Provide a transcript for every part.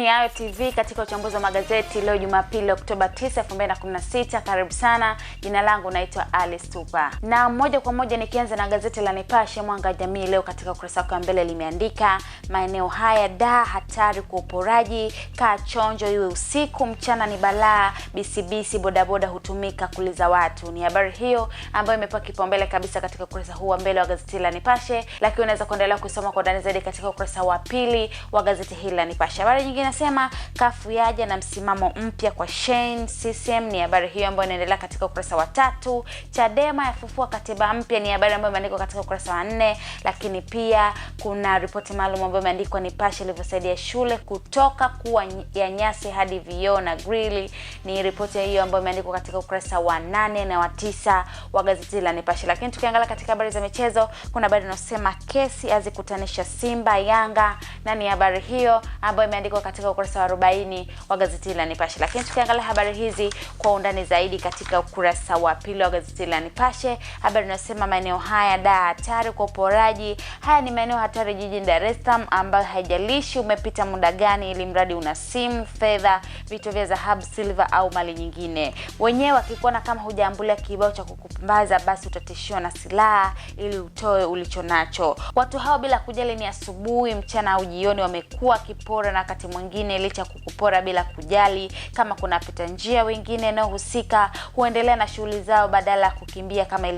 ni Ayo TV katika uchambuzi wa magazeti leo Jumapili Oktoba 9, 2016. Karibu sana, jina langu naitwa Alice Tupa, na moja kwa moja nikianza na gazeti la Nipashe Mwanga Jamii leo katika ukurasa wake wa mbele limeandika maeneo haya da hatari kwa uporaji, kaa chonjo, iwe usiku mchana ni balaa, bisibisi bodaboda hutumika kuliza watu. Ni habari hiyo ambayo imepewa kipaumbele kabisa katika ukurasa huu wa mbele wa gazeti la Nipashe, lakini unaweza kuendelea kusoma kwa undani zaidi katika ukurasa wa pili wa gazeti hili la Nipashe. Habari nyingine anasema kafu yaja na msimamo mpya kwa Shane CCM. Ni habari hiyo ambayo inaendelea katika ukurasa wa tatu. Chadema yafufua katiba mpya, ni habari ambayo imeandikwa katika ukurasa wa nne. Lakini pia kuna ripoti maalum ambayo imeandikwa Nipashe ilivyosaidia shule kutoka kuwa ya nyasi hadi vioo na grili. Ni ripoti hiyo ambayo imeandikwa katika ukurasa wa nane na wa tisa wa gazeti la Nipashe. Lakini tukiangalia katika habari za michezo, kuna habari inasema kesi azikutanisha Simba Yanga, na ni habari hiyo ambayo imeandikwa katika katika ukurasa wa 40 wa gazeti la Nipashe. Lakini tukiangalia habari hizi kwa undani zaidi katika ukurasa wa pili wa gazeti la Nipashe, habari inasema maeneo haya da hatari kwa uporaji. Haya ni maeneo hatari jijini Dar es Salaam ambayo haijalishi umepita muda gani, ili mradi una simu, fedha, vitu vya dhahabu, silver au mali nyingine. Wenyewe wakikuona kama hujaambulia kibao cha kukupambaza, basi utatishiwa na silaha ili utoe ulicho nacho. Watu hao bila kujali ni asubuhi, mchana au jioni, wamekuwa kipora na wakati mwingine mwingine licha kukupora bila kujali. Kama kuna pita njia wengine wanaohusika huendelea na shughuli zao badala ya kukimbia kama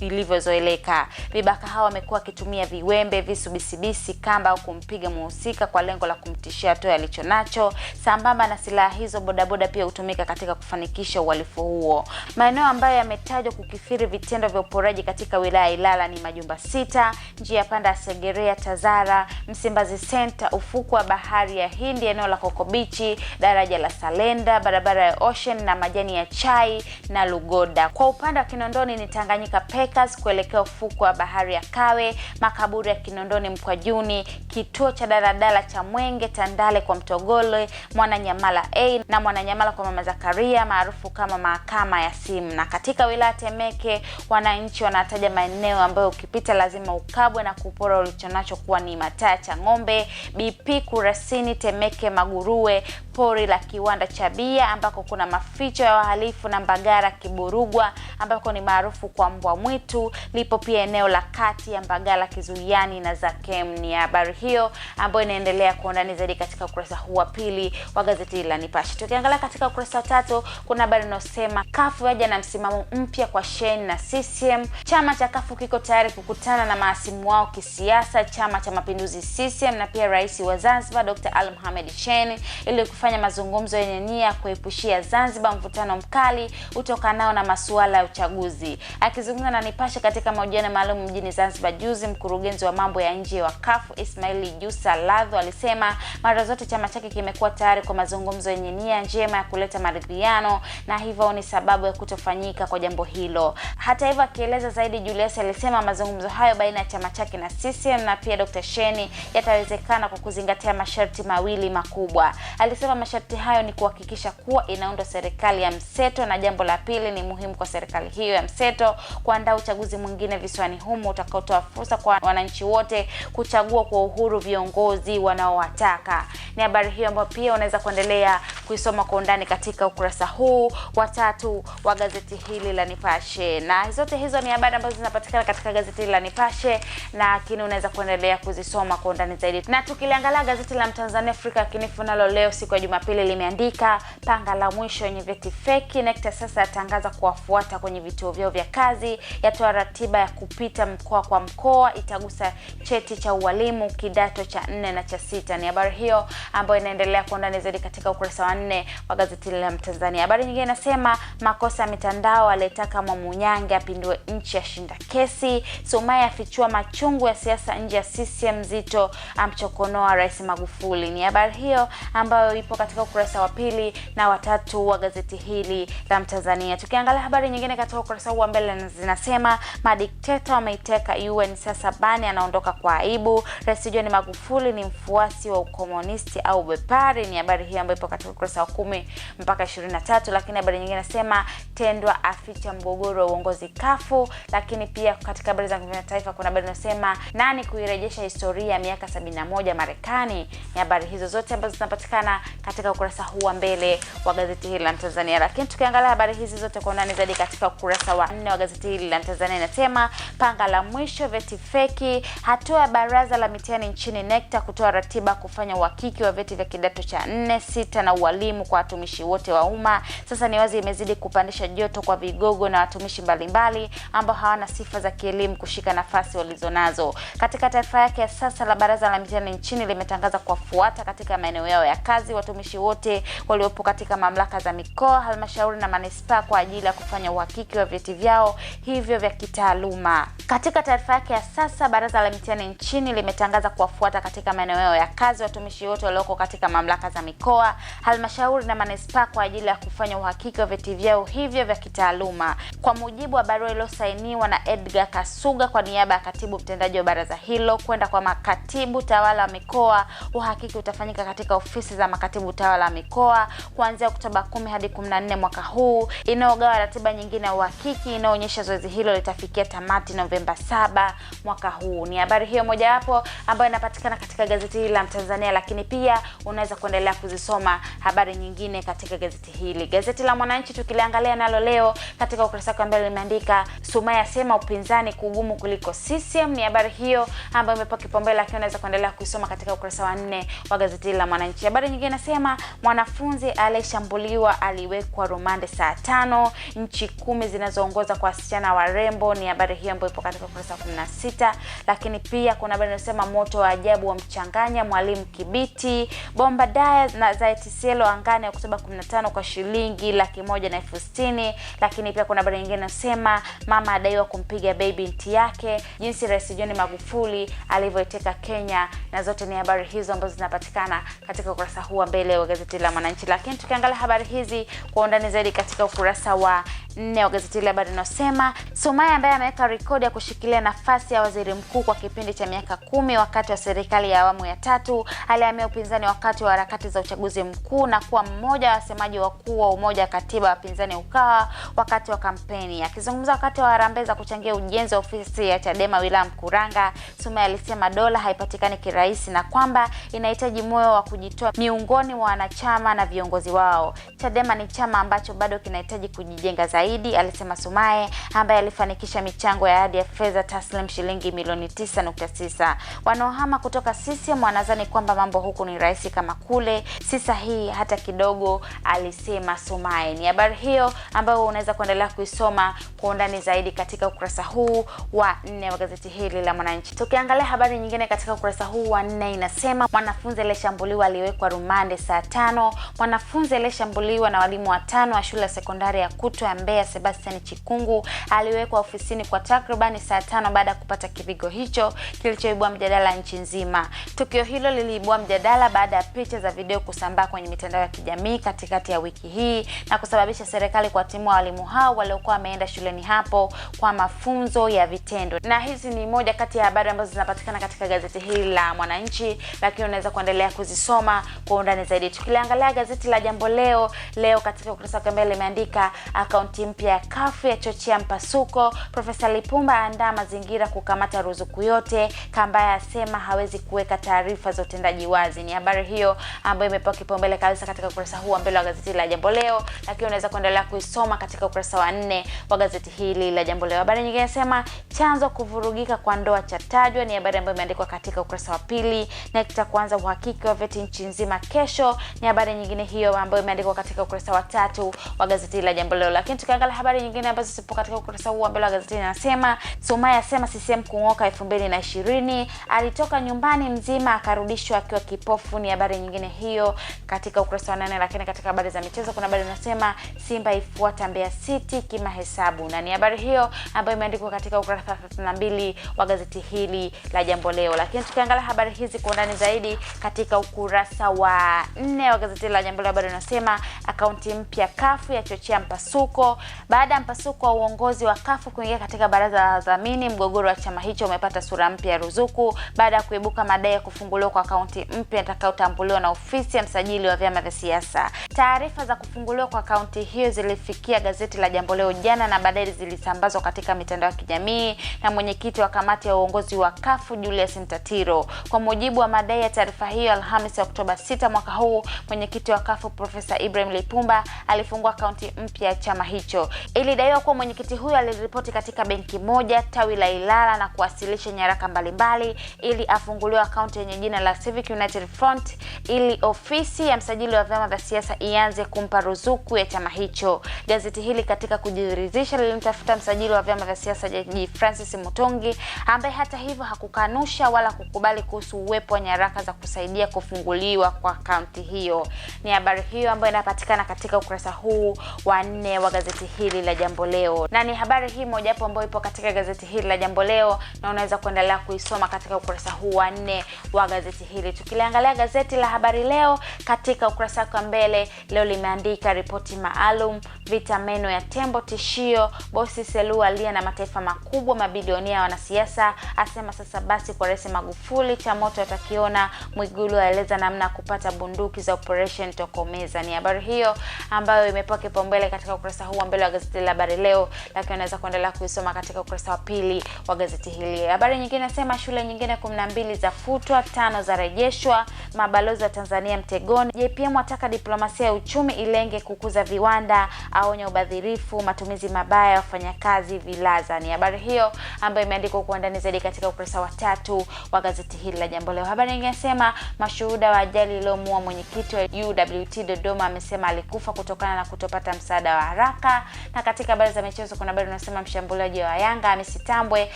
ilivyozoeleka. Vibaka hao wamekuwa wakitumia viwembe, visu bisibisi, kamba au kumpiga mhusika kwa lengo la kumtishia toy alichonacho Sambamba na silaha hizo, bodaboda pia hutumika katika kufanikisha uhalifu huo. Maeneo ambayo yametajwa kukithiri vitendo vya uporaji katika wilaya Ilala ni majumba sita, njia panda ya Segerea, Tazara, Msimbazi Center, ufuku wa bahari ya Hindi eneo la Koko Beach, daraja la Salenda, barabara ya Ocean na majani ya chai na Lugoda. Kwa upande wa Kinondoni ni Tanganyika Packers kuelekea ufuko wa bahari ya Kawe, makaburi ya Kinondoni Mkwajuni, kituo cha daladala cha Mwenge, Tandale kwa Mtogole, Mwananyamala A na Mwananyamala kwa Mama Zakaria maarufu kama mahakama ya simu. Na katika wilaya Temeke wananchi wanataja maeneo ambayo ukipita lazima ukabwe na kupora ulichonacho kuwa ni mataa cha ngombe BP Kurasini, Temeke mwanamke Magurue pori la kiwanda cha bia ambako kuna maficho ya wahalifu na Mbagara Kiburugwa ambako ni maarufu kwa mbwa mwitu. Lipo pia eneo la kati ya mbagara Kizuiani na Zakem. Ni habari hiyo ambayo inaendelea kwa undani zaidi katika ukurasa huu wa pili wa gazeti la Nipashe. Tukiangalia katika ukurasa wa tatu, kuna habari inayosema kafu yaja na msimamo mpya kwa Shein na CCM. Chama cha kafu kiko tayari kukutana na maasimu wao kisiasa, chama cha mapinduzi CCM na pia rais wa Zanzibar Dr. Ali Mohamed Shein ili kufanya kufanya mazungumzo yenye nia ya kuepushia Zanzibar mvutano mkali utokanao na masuala ya uchaguzi. Akizungumza na Nipashe katika mahojiano maalum mjini Zanzibar juzi, mkurugenzi wa mambo ya nje wa kafu Ismaili Jusa Ladho alisema mara zote chama chake kimekuwa tayari kwa mazungumzo yenye nia njema ya kuleta maridhiano na hivyo ni sababu ya kutofanyika kwa jambo hilo. Hata hivyo, akieleza zaidi, Julius alisema mazungumzo hayo baina ya chama chake na CCM na pia Dr. Sheni yatawezekana kwa kuzingatia masharti mawili makubwa. Alisema masharti hayo ni kuhakikisha kuwa inaundwa serikali ya mseto, na jambo la pili ni muhimu kwa serikali hiyo ya mseto kuandaa uchaguzi mwingine visiwani humo utakaotoa fursa kwa wananchi wote kuchagua kwa uhuru viongozi wanaowataka. Ni habari hiyo ambayo pia unaweza kuendelea kuisoma kwa undani katika ukurasa huu wa tatu wa gazeti hili la Nipashe, na zote hizo ni habari ambazo zinapatikana katika gazeti hili la Nipashe, lakini unaweza kuendelea kuzisoma kwa undani zaidi. Na tukiliangalia gazeti la Mtanzania Afrika Kinifu nalo leo siku ya Jumapili limeandika panga la mwisho yenye vyeti feki. NECTA sasa yatangaza kuwafuata kwenye vituo vyao vya kazi, yatoa ratiba ya kupita mkoa kwa mkoa, itagusa cheti cha ualimu kidato cha nne na cha sita. Ni habari hiyo ambayo inaendelea kwa undani zaidi katika ukurasa wa nne wa gazeti la Mtanzania. Habari nyingine inasema makosa ya mitandao, aliyetaka Mwamunyange apindue nchi ashinda kesi, Somaya afichua machungu ya siasa nje ya CCM, Zito amchokonoa Rais Magufuli. Ni habari hiyo ambayo upo katika ukurasa wa pili na watatu wa gazeti hili la Mtanzania. Tukiangalia habari nyingine katika ukurasa huu wa mbele zinasema madikteta wameiteka UN, sasa Bani anaondoka kwa aibu. Rais John Magufuli ni mfuasi wa ukomunisti au bepari, ni habari hii ambayo ipo katika ukurasa wa kumi mpaka ishirini na tatu. Lakini habari nyingine nasema Tendwa aficha mgogoro wa uongozi kafu. Lakini pia katika habari za kimataifa kuna habari inasema nani kuirejesha historia ya miaka 71 Marekani. Ni habari hizo zote ambazo zinapatikana katika ukurasa huu wa mbele wa gazeti hili la Tanzania. Lakini tukiangalia habari hizi zote kwa undani zaidi katika ukurasa wa nne wa gazeti hili la Tanzania inasema panga la mwisho veti feki, hatua ya baraza la mitihani nchini NECTA kutoa ratiba kufanya uhakiki wa veti vya kidato cha nne, sita na ualimu kwa watumishi wote wa umma. Sasa ni wazi imezidi kupandisha joto kwa vigogo na watumishi mbalimbali ambao hawana sifa za kielimu kushika nafasi walizonazo. Katika taarifa yake ya sasa, la baraza la mitihani nchini limetangaza kuwafuata katika maeneo yao ya kazi watu watumishi wote waliopo katika mamlaka za mikoa, halmashauri na manispaa kwa ajili ya kufanya uhakiki wa vyeti vyao hivyo vya kitaaluma. Katika taarifa yake ya sasa, Baraza la Mitihani nchini limetangaza kuwafuata katika maeneo ya kazi watumishi wote walioko katika mamlaka za mikoa, halmashauri na manispaa kwa ajili ya kufanya uhakiki wa vyeti vyao hivyo vya kitaaluma. Kwa mujibu wa barua iliyosainiwa na Edgar Kasuga kwa niaba ya katibu mtendaji wa baraza hilo kwenda kwa makatibu tawala wa mikoa, uhakiki utafanyika katika ofisi za makatibu katibu tawala wa mikoa kuanzia Oktoba 10 hadi 14 mwaka huu inayogawa ratiba nyingine ya uhakiki inayoonyesha zoezi hilo litafikia tamati Novemba 7 mwaka huu. Ni habari hiyo mojawapo ambayo inapatikana katika gazeti hili la Mtanzania, lakini pia unaweza kuendelea kuzisoma habari nyingine katika gazeti hili. Gazeti la Mwananchi tukiliangalia nalo leo katika ukurasa wa mbele limeandika Sumaya asema upinzani kugumu kuliko CCM. Ni habari hiyo ambayo imepewa kipaumbele, lakini unaweza kuendelea kuisoma katika ukurasa wa nne wa gazeti hili la Mwananchi. Habari nyingine anasema mwanafunzi aliyeshambuliwa aliwekwa rumande saa tano. Nchi kumi zinazoongoza kwa wasichana warembo, ni habari hiyo ambayo ipo katika ukurasa wa 16. Lakini pia kuna habari inasema moto wa ajabu wa mchanganya mwalimu Kibiti, bomba daya na za Etiselo angani Oktoba 15 kwa shilingi laki moja na elfu sitini. Lakini pia kuna habari nyingine inasema mama adaiwa kumpiga baby binti yake, jinsi Rais John Magufuli alivyoiteka Kenya, na zote ni habari hizo ambazo zinapatikana katika ukurasa huu mbele wa gazeti la Mwananchi, lakini tukiangalia habari hizi kwa undani zaidi katika ukurasa wa nne wa gazeti la habari inayosema Sumaye ambaye ameweka rekodi ya kushikilia nafasi ya waziri mkuu kwa kipindi cha miaka kumi wakati wa serikali ya awamu ya tatu alihamia upinzani wakati wa harakati za uchaguzi mkuu na kuwa mmoja wa wasemaji wakuu wa umoja wa katiba wapinzani UKAWA wakati wa kampeni. Akizungumza wakati wa harambee za kuchangia ujenzi wa ofisi ya Chadema wilaya Mkuranga, Sumaye alisema dola haipatikani kirahisi na kwamba inahitaji moyo wa kujitoa miongoni miongoni mwa wanachama na viongozi wao. Chadema ni chama ambacho bado kinahitaji kujijenga zaidi, alisema Sumaye ambaye alifanikisha michango ya hadi ya fedha taslim shilingi milioni 9.9. Wanaohama kutoka CCM wanadhani kwamba mambo huku ni rahisi kama kule, si sahihi hata kidogo, alisema Sumaye. Ni habari hiyo ambayo unaweza kuendelea kuisoma kwa undani zaidi katika ukurasa huu wa nne wa gazeti hili la Mwananchi. Tukiangalia habari nyingine katika ukurasa huu wa nne, inasema mwanafunzi aliyeshambuliwa aliwekwa rumande saa tano mwanafunzi aliyeshambuliwa na walimu watano wa shule ya sekondari ya kutwa ya Mbeya Sebastian Chikungu aliwekwa ofisini kwa takribani saa tano baada ya kupata kipigo hicho kilichoibua mjadala nchi nzima. Tukio hilo liliibua mjadala baada ya picha za video kusambaa kwenye mitandao ya kijamii katikati ya wiki hii na kusababisha serikali kuwatimua walimu hao waliokuwa wameenda shuleni hapo kwa mafunzo ya vitendo. Na hizi ni moja kati ya habari ambazo zinapatikana katika gazeti hili la Mwananchi, lakini unaweza kuendelea kuzisoma kwa undani undani zaidi, tukiliangalia gazeti la Jambo Leo leo katika ukurasa wake mbele limeandika akaunti mpya ya kafu ya yachochea mpasuko, Profesa Lipumba aandaa mazingira kukamata ruzuku yote, Kambaya asema hawezi kuweka taarifa za utendaji wazi. Ni habari hiyo ambayo imepewa kipaumbele kabisa katika ukurasa huu wa mbele wa gazeti la Jambo Leo, lakini unaweza kuendelea kuisoma katika ukurasa wa nne wa gazeti hili la Jambo Leo. Habari nyingine inasema chanzo kuvurugika kwa ndoa chatajwa, ni habari ambayo imeandikwa katika ukurasa wa pili, na kita kuanza uhakiki wa vyeti nchi nzima kesho kesho. Ni habari nyingine hiyo ambayo imeandikwa katika ukurasa wa tatu wa gazeti la Jambo Leo, lakini tukiangalia habari nyingine ambazo zipo katika ukurasa huu wa mbele wa gazeti inasema, Sumaye asema CCM kung'oka 2020, alitoka nyumbani mzima akarudishwa akiwa kipofu. Ni habari nyingine hiyo katika ukurasa wa nane. Lakini katika habari za michezo kuna habari inasema Simba ifuata Mbeya City kima hesabu, na ni habari hiyo ambayo imeandikwa katika ukurasa wa 32 wa gazeti hili la Jambo Leo. Lakini tukiangalia habari hizi kwa undani zaidi katika ukurasa wa nne wa gazeti la Jambo la Habari unasema akaunti mpya kafu yachochea mpasuko. Baada ya mpasuko wa uongozi wa kafu kuingia katika baraza la dhamini, mgogoro wa chama hicho umepata sura mpya ya ruzuku baada ya kuibuka madai ya kufunguliwa kwa akaunti mpya itakayotambuliwa na ofisi ya msajili wa vyama vya siasa. Taarifa za kufunguliwa kwa akaunti hiyo zilifikia gazeti la Jambo Leo jana na baadaye zilisambazwa katika mitandao ya kijamii na mwenyekiti wa kamati ya uongozi wa kafu Julius Mtatiro. Kwa mujibu wa madai ya taarifa hiyo, Alhamisi Oktoba 6 mwaka mwaka huu, mwenyekiti wa Kafu Profesa Ibrahim Lipumba alifungua akaunti mpya ya chama hicho. Ilidaiwa kuwa mwenyekiti huyo aliripoti katika benki moja tawi la Ilala na kuwasilisha nyaraka mbalimbali ili afunguliwe akaunti yenye jina la Civic United Front ili ofisi ya msajili wa vyama vya siasa ianze kumpa ruzuku ya chama hicho. Gazeti hili katika kujiridhisha lilimtafuta msajili wa vyama vya siasa Jaji Francis Mutongi ambaye hata hivyo hakukanusha wala kukubali kuhusu uwepo wa nyaraka za kusaidia kufunguliwa kwa kaunti hiyo. Ni habari hiyo ambayo inapatikana katika ukurasa huu wa nne wa gazeti hili la Jambo Leo, na ni habari hii hapo ambayo ipo katika gazeti hili la Jambo Leo, na unaweza kuendelea kuisoma katika ukurasa huu wa nne wa gazeti hili. Tukiliangalia gazeti la Habari Leo katika ukurasa wa mbele, leo limeandika ripoti maalum, vita meno ya tembo tishio, bosi Selu alia na mataifa makubwa, mabilionia ya wanasiasa asema sasa basi kwa Rais Magufuli, cha moto atakiona, Mwigulu aeleza namna kupata kupata bunduki za operation Tokomeza. Ni habari hiyo ambayo imepewa kipaumbele katika ukurasa huu wa mbele wa gazeti la Habari Leo, lakini unaweza kuendelea kuisoma katika ukurasa wa pili wa gazeti hili. Habari nyingine nasema shule nyingine 12 za futwa, tano za rejeshwa, mabalozi wa Tanzania mtegoni. JPM wataka diplomasia ya uchumi ilenge kukuza viwanda, aonya ubadhirifu, matumizi mabaya ya wafanyakazi vilaza. Ni habari hiyo ambayo imeandikwa kwa undani zaidi katika ukurasa wa tatu wa gazeti hili la Jambo Leo. Habari nyingine nasema mashuhuda wa ajali iliyomuua wa mwenyekiti wa UWT Dodoma amesema alikufa kutokana na kutopata msaada wa haraka. Na katika habari za michezo, kuna habari unasema mshambuliaji wa Yanga Hamisi Tambwe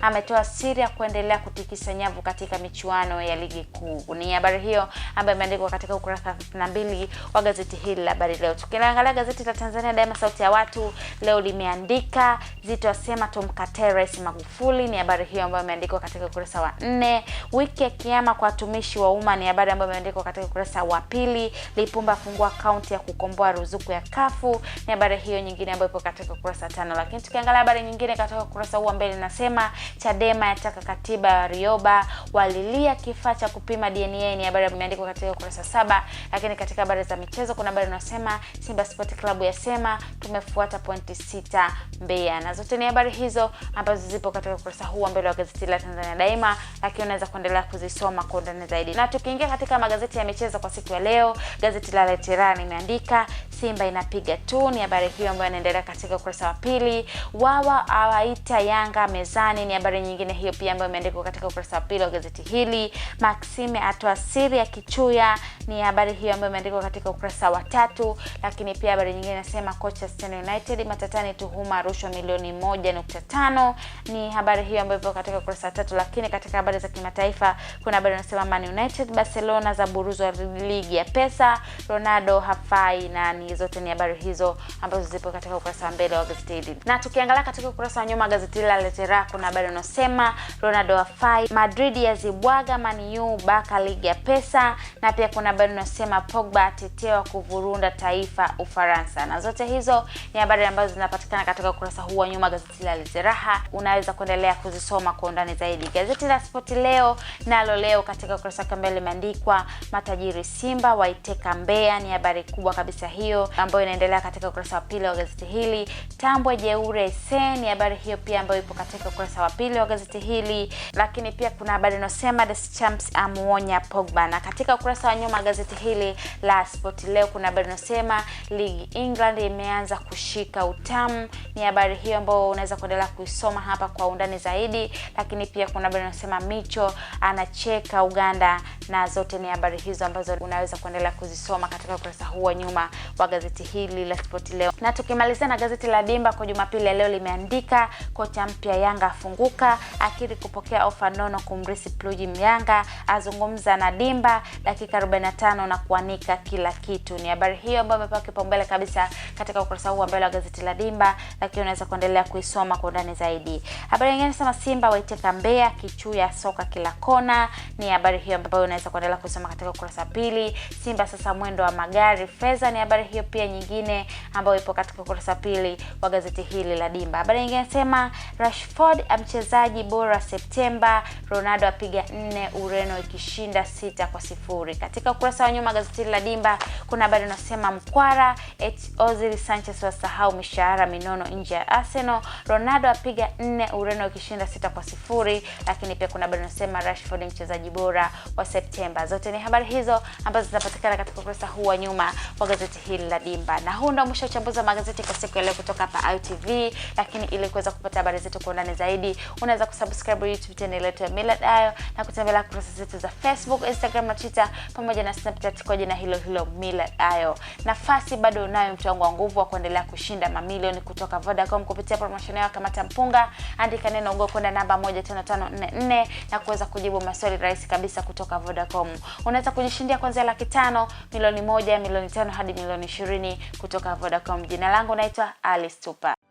ametoa siri ya kuendelea kutikisa nyavu katika michuano ya ligi kuu. Ni habari hiyo ambayo imeandikwa katika ukurasa 52 wa gazeti hili la Habari Leo. Tukiangalia gazeti la Tanzania Daima, sauti ya watu, leo limeandika Zito asema tumkatae Rais Magufuli. Ni habari hiyo ambayo imeandikwa katika ukurasa wa nne. Wiki ya kiama kwa watumishi wa umma, ni habari ambayo imeandikwa katika ukurasa wa wa pili. Lipumba afungua akaunti ya kukomboa ruzuku ya kafu. Ni habari hiyo nyingine ambayo ipo katika kurasa tano, lakini tukiangalia habari nyingine katika kurasa huu mbele inasema Chadema yataka katiba ya Rioba, walilia kifaa cha kupima DNA. Ni habari imeandikwa katika kurasa saba, lakini katika habari za michezo kuna habari inasema Simba Sport Club yasema tumefuata pointi sita Mbeya, na zote ni habari hizo ambazo zipo katika kurasa huu wa mbele wa gazeti la Tanzania Daima, lakini unaweza kuendelea kuzisoma kwa undani zaidi, na tukiingia katika magazeti ya michezo kwa siku ya leo, gazeti la Leterani imeandika Simba inapiga tu. Ni habari hiyo ambayo inaendelea katika ukurasa wa pili. Wawa awaita Yanga mezani, ni habari nyingine hiyo pia ambayo imeandikwa katika ukurasa wa pili wa gazeti hili. Maxime atoa siri ya Kichuya, ni habari hiyo ambayo imeandikwa katika ukurasa wa tatu. Lakini pia habari nyingine inasema kocha Stand United matatani, tuhuma rushwa milioni moja nukta tano ni habari hiyo ambayo ipo katika ukurasa wa tatu. Lakini katika habari za kimataifa kuna habari inasema Man United Barcelona za buruzo ligi ya pesa, Ronaldo hafai na ni zote ni habari hizo ambazo zipo katika ukurasa wa mbele wa gazeti hili. Na tukiangalia katika ukurasa wa nyuma gazeti hili la Letera kuna habari inasema Ronaldo hafai, Madrid yazibwaga Man U baka ligi ya pesa, na pia kuna habari inasema Pogba atetewa kuvurunda taifa Ufaransa. Na zote hizo ni habari ambazo zinapatikana katika ukurasa huu wa nyuma gazeti la Leteraha. Unaweza kuendelea kuzisoma kwa undani zaidi. Gazeti la Spoti leo nalo leo katika ukurasa wa mbele limeandikwa matajiri Simba waiteka Mbeya, ni habari kubwa kabisa hiyo ambayo inaendelea katika ukurasa wa pili wa gazeti hili. Tambwe jeure se, ni habari hiyo pia ambayo ipo katika ukurasa wa pili wa gazeti hili, lakini pia kuna habari inayosema Deschamps amuonya Pogba, na katika ukurasa wa nyuma gazeti hili la Sport leo kuna habari inayosema ligi England imeanza kushika utamu, ni habari hiyo ambayo unaweza kuendelea kuisoma hapa kwa undani zaidi, lakini pia kuna habari inayosema Micho anacheka Uganda, na zote ni habari hizo ambazo unaweza kuendelea kuzisoma katika ukurasa huu wa nyuma wa gazeti hili la Spoti Leo. Na tukimalizia na gazeti la Dimba kwa Jumapili ya leo limeandika kocha mpya Yanga afunguka, akiri kupokea ofa nono kumrisi Pluji Mnyanga, azungumza na Dimba dakika 45 na kuanika kila kitu. Ni habari hiyo ambayo imepewa kipaumbele kabisa katika ukurasa huu wa mbele wa gazeti la Dimba, lakini unaweza kuendelea kuisoma kwa undani zaidi. Habari nyingine nasema Simba waiteka Mbeya, kichuu ya soka kila kona. Ni habari hiyo ambayo unaweza kuendelea kusoma katika ukurasa pili mbili Simba sasa mwendo wa magari fedha. Ni habari hiyo pia nyingine ambayo ipo katika ukurasa pili wa gazeti hili la Dimba. Habari nyingine nasema Rashford mchezaji bora Septemba, Ronaldo apiga nne, Ureno ikishinda sita kwa sifuri. Katika ukurasa wa nyuma gazeti hili la Dimba kuna habari inasema mkwara et Ozil Sanchez wasahau mishahara minono nje ya Arsenal, Ronaldo apiga nne, Ureno ikishinda sita kwa sifuri. Lakini pia kuna habari inasema Rashford mchezaji bora wa Septemba. Zote ni habari hizo ambazo zinapatikana katika ukurasa huu wa nyuma wa gazeti hili la Dimba. Na huu ndio mwisho uchambuzi wa magazeti kwa siku ya leo kutoka hapa ITV, lakini ili kuweza kupata habari zetu kwa undani zaidi, unaweza kusubscribe YouTube channel yetu ya Millard Ayo na kutembelea kurasa zetu za Facebook, Instagram na Twitter pamoja na Snapchat kwa jina hilo hilo Millard Ayo. Nafasi bado unayo, mtu wangu wa nguvu wa kuendelea kushinda mamilioni kutoka Vodacom kupitia promotion yao kama tampunga, Andika neno ngo kwenda namba 15544 na kuweza kujibu maswali rahisi kabisa kutoka Vodacom. Unaweza kujishindia kwanza kuanzia laki tano, milioni moja, milioni tano hadi milioni ishirini kutoka Vodacom. Jina langu naitwa Alice Tupa.